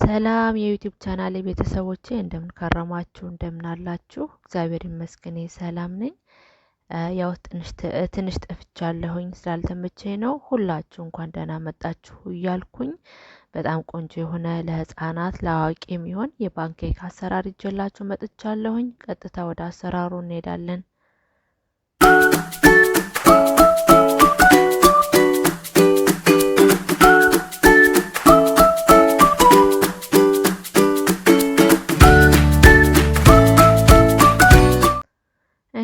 ሰላም የዩቲዩብ ቻናል ቤተሰቦቼ እንደምን ከረማችሁ? እንደምን አላችሁ? እግዚአብሔር ይመስገን ሰላም ነኝ። ያው ትንሽ ጠፍቻለሁኝ ስላልተመቼ ነው። ሁላችሁ እንኳን ደህና መጣችሁ እያልኩኝ በጣም ቆንጆ የሆነ ለህፃናት ለአዋቂ የሚሆን የፓንኬክ አሰራር ይዤላችሁ መጥቻለሁኝ። ቀጥታ ወደ አሰራሩ እንሄዳለን።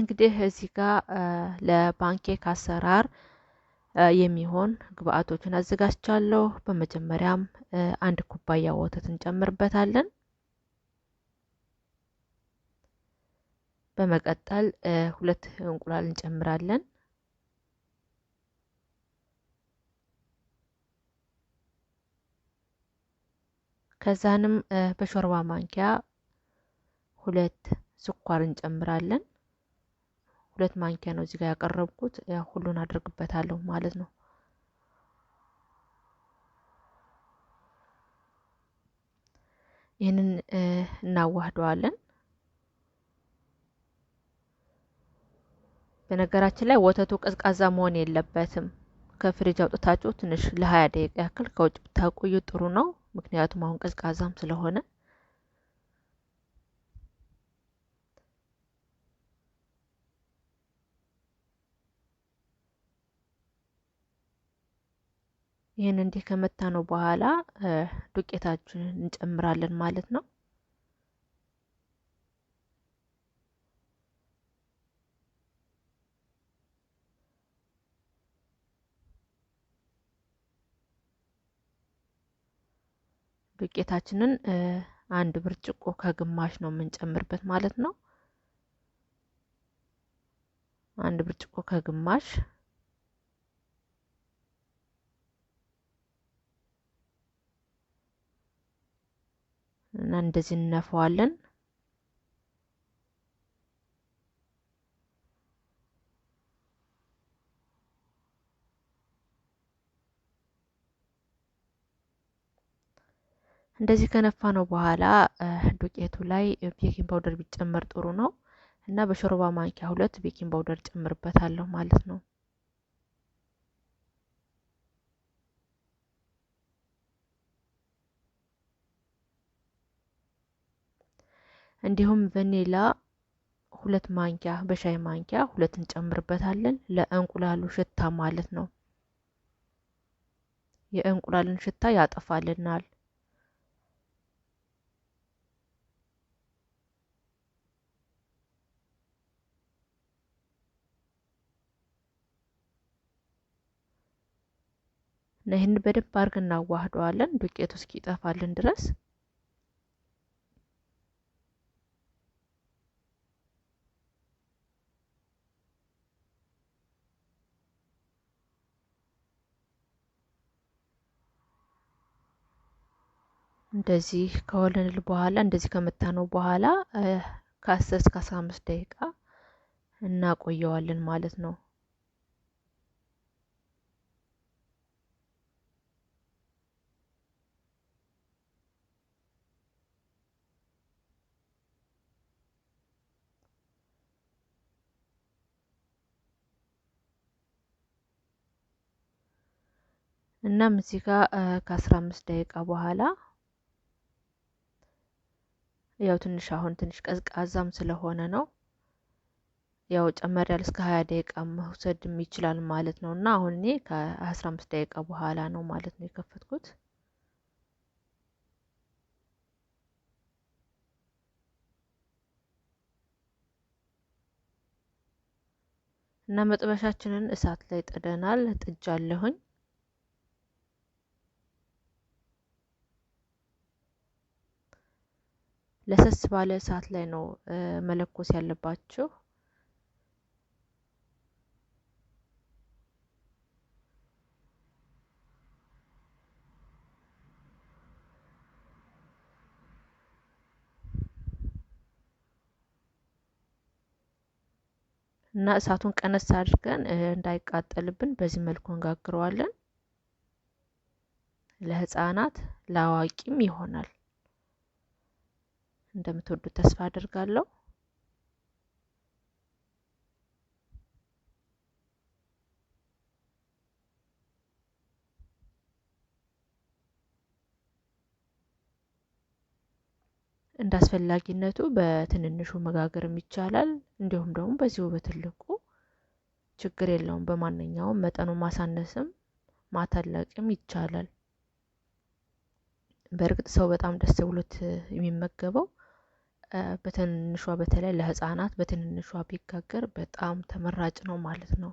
እንግዲህ እዚህ ጋር ለፓንኬክ አሰራር የሚሆን ግብአቶችን አዘጋጅቻለሁ። በመጀመሪያም አንድ ኩባያ ወተት እንጨምርበታለን። በመቀጠል ሁለት እንቁላል እንጨምራለን። ከዛንም በሾርባ ማንኪያ ሁለት ስኳር እንጨምራለን። ሁለት ማንኪያ ነው እዚጋ ያቀረብኩት። ያው ሁሉን አድርግበታለሁ ማለት ነው። ይህንን እናዋህደዋለን። በነገራችን ላይ ወተቱ ቀዝቃዛ መሆን የለበትም። ከፍሪጅ አውጥታችሁ ትንሽ ለሀያ ደቂቃ ያክል ከውጭ ብታቆዩ ጥሩ ነው። ምክንያቱም አሁን ቀዝቃዛም ስለሆነ ይህን እንዲህ ከመታ ነው በኋላ ዱቄታችንን እንጨምራለን ማለት ነው። ዱቄታችንን አንድ ብርጭቆ ከግማሽ ነው የምንጨምርበት ማለት ነው። አንድ ብርጭቆ ከግማሽ እና እንደዚህ እንነፋዋለን። እንደዚህ ከነፋ ነው በኋላ ዱቄቱ ላይ ቤኪንግ ፓውደር ቢጨመር ጥሩ ነው እና በሾርባ ማንኪያ ሁለት ቤኪንግ ፓውደር ጨምርበታለሁ ማለት ነው። እንዲሁም ቨኔላ ሁለት ማንኪያ በሻይ ማንኪያ ሁለት እንጨምርበታለን ለእንቁላሉ ሽታ ማለት ነው። የእንቁላልን ሽታ ያጠፋልናል። እና ይህንን በደንብ አድርገን እናዋህደዋለን ዱቄቱ እስኪጠፋልን ድረስ እንደዚህ ከወለንል በኋላ እንደዚህ ከመታነው በኋላ ከአስር እስከ አስራ አምስት ደቂቃ እናቆየዋለን ማለት ነው። እናም እዚህ ጋር ከአስራ አምስት ደቂቃ በኋላ ያው ትንሽ አሁን ትንሽ ቀዝቃዛም ስለሆነ ነው ያው ጨመር ያለ እስከ ሀያ ደቂቃ መውሰድም ይችላል ማለት ነው እና አሁን እኔ ከአስራ አምስት ደቂቃ በኋላ ነው ማለት ነው የከፈትኩት። እና መጥበሻችንን እሳት ላይ ጥደናል። ጥጃ አለሁኝ ለሰስ ባለ እሳት ላይ ነው መለኮስ ያለባችሁ። እና እሳቱን ቀነስ አድርገን እንዳይቃጠልብን በዚህ መልኩ እንጋግረዋለን። ለህፃናት ለአዋቂም ይሆናል። እንደምትወዱት ተስፋ አድርጋለሁ። እንደ አስፈላጊነቱ በትንንሹ መጋገርም ይቻላል። እንዲሁም ደግሞ በዚሁ በትልቁ ችግር የለውም። በማንኛውም መጠኑ ማሳነስም ማታለቅም ይቻላል። በእርግጥ ሰው በጣም ደስ ብሎት የሚመገበው በትንንሿ በተለይ ለህፃናት በትንንሿ ቢጋገር በጣም ተመራጭ ነው ማለት ነው።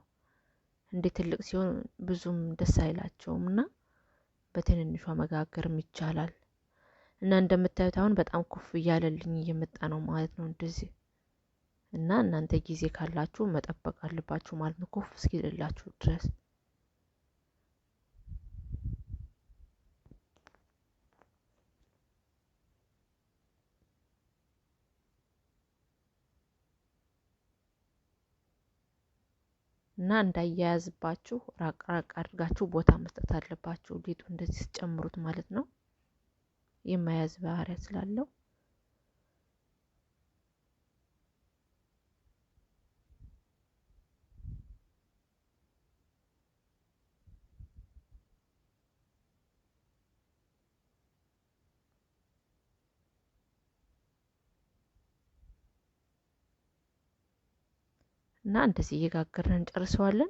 እንዴ ትልቅ ሲሆን ብዙም ደስ አይላቸውም እና በትንንሿ መጋገርም ይቻላል። እና እንደምታዩት አሁን በጣም ኩፍ እያለልኝ እየመጣ ነው ማለት ነው እንደዚህ እና እናንተ ጊዜ ካላችሁ መጠበቅ አለባችሁ ማለት ነው ኩፍ እስኪልላችሁ ድረስ እና እንዳያያዝባችሁ ራቅ ራቅ አድርጋችሁ ቦታ መስጠት አለባችሁ። ሊጡ እንደዚህ ስጨምሩት ማለት ነው የማያዝ ባህሪያ ስላለው እና እንደዚህ እየጋገርን እንጨርሰዋለን።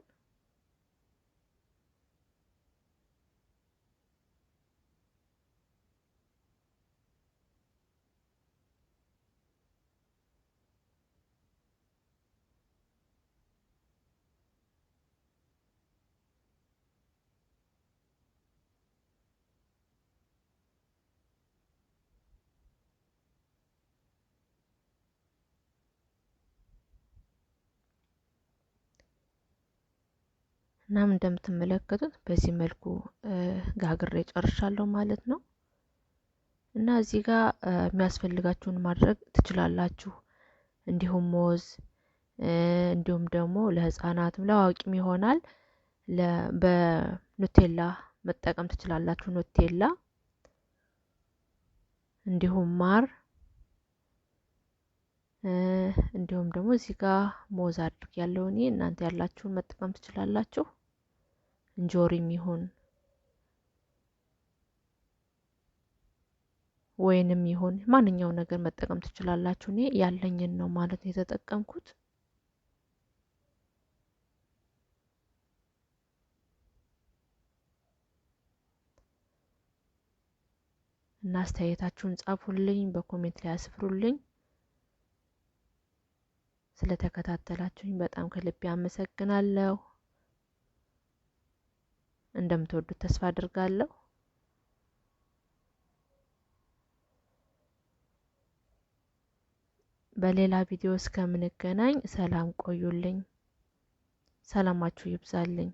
እናም እንደምትመለከቱት በዚህ መልኩ ጋግሬ ጨርሻለሁ ማለት ነው። እና እዚህ ጋር የሚያስፈልጋችሁን ማድረግ ትችላላችሁ። እንዲሁም ሞዝ እንዲሁም ደግሞ ለህፃናትም ለአዋቂም ይሆናል። በኑቴላ መጠቀም ትችላላችሁ። ኑቴላ እንዲሁም ማር እንዲሁም ደግሞ እዚህ ጋር ሞዝ ያለው እኔ እናንተ ያላችሁን መጠቀም ትችላላችሁ። እንጆሪም ይሁን ወይንም ይሁን ማንኛው ነገር መጠቀም ትችላላችሁ። እኔ ያለኝን ነው ማለት ነው የተጠቀምኩት። እና አስተያየታችሁን ጻፉልኝ፣ በኮሜንት ላይ አስፍሩልኝ። ስለተከታተላችሁኝ በጣም ከልቤ አመሰግናለሁ። እንደምትወዱት ተስፋ አድርጋለሁ። በሌላ ቪዲዮ እስከምንገናኝ ሰላም ቆዩልኝ። ሰላማችሁ ይብዛልኝ።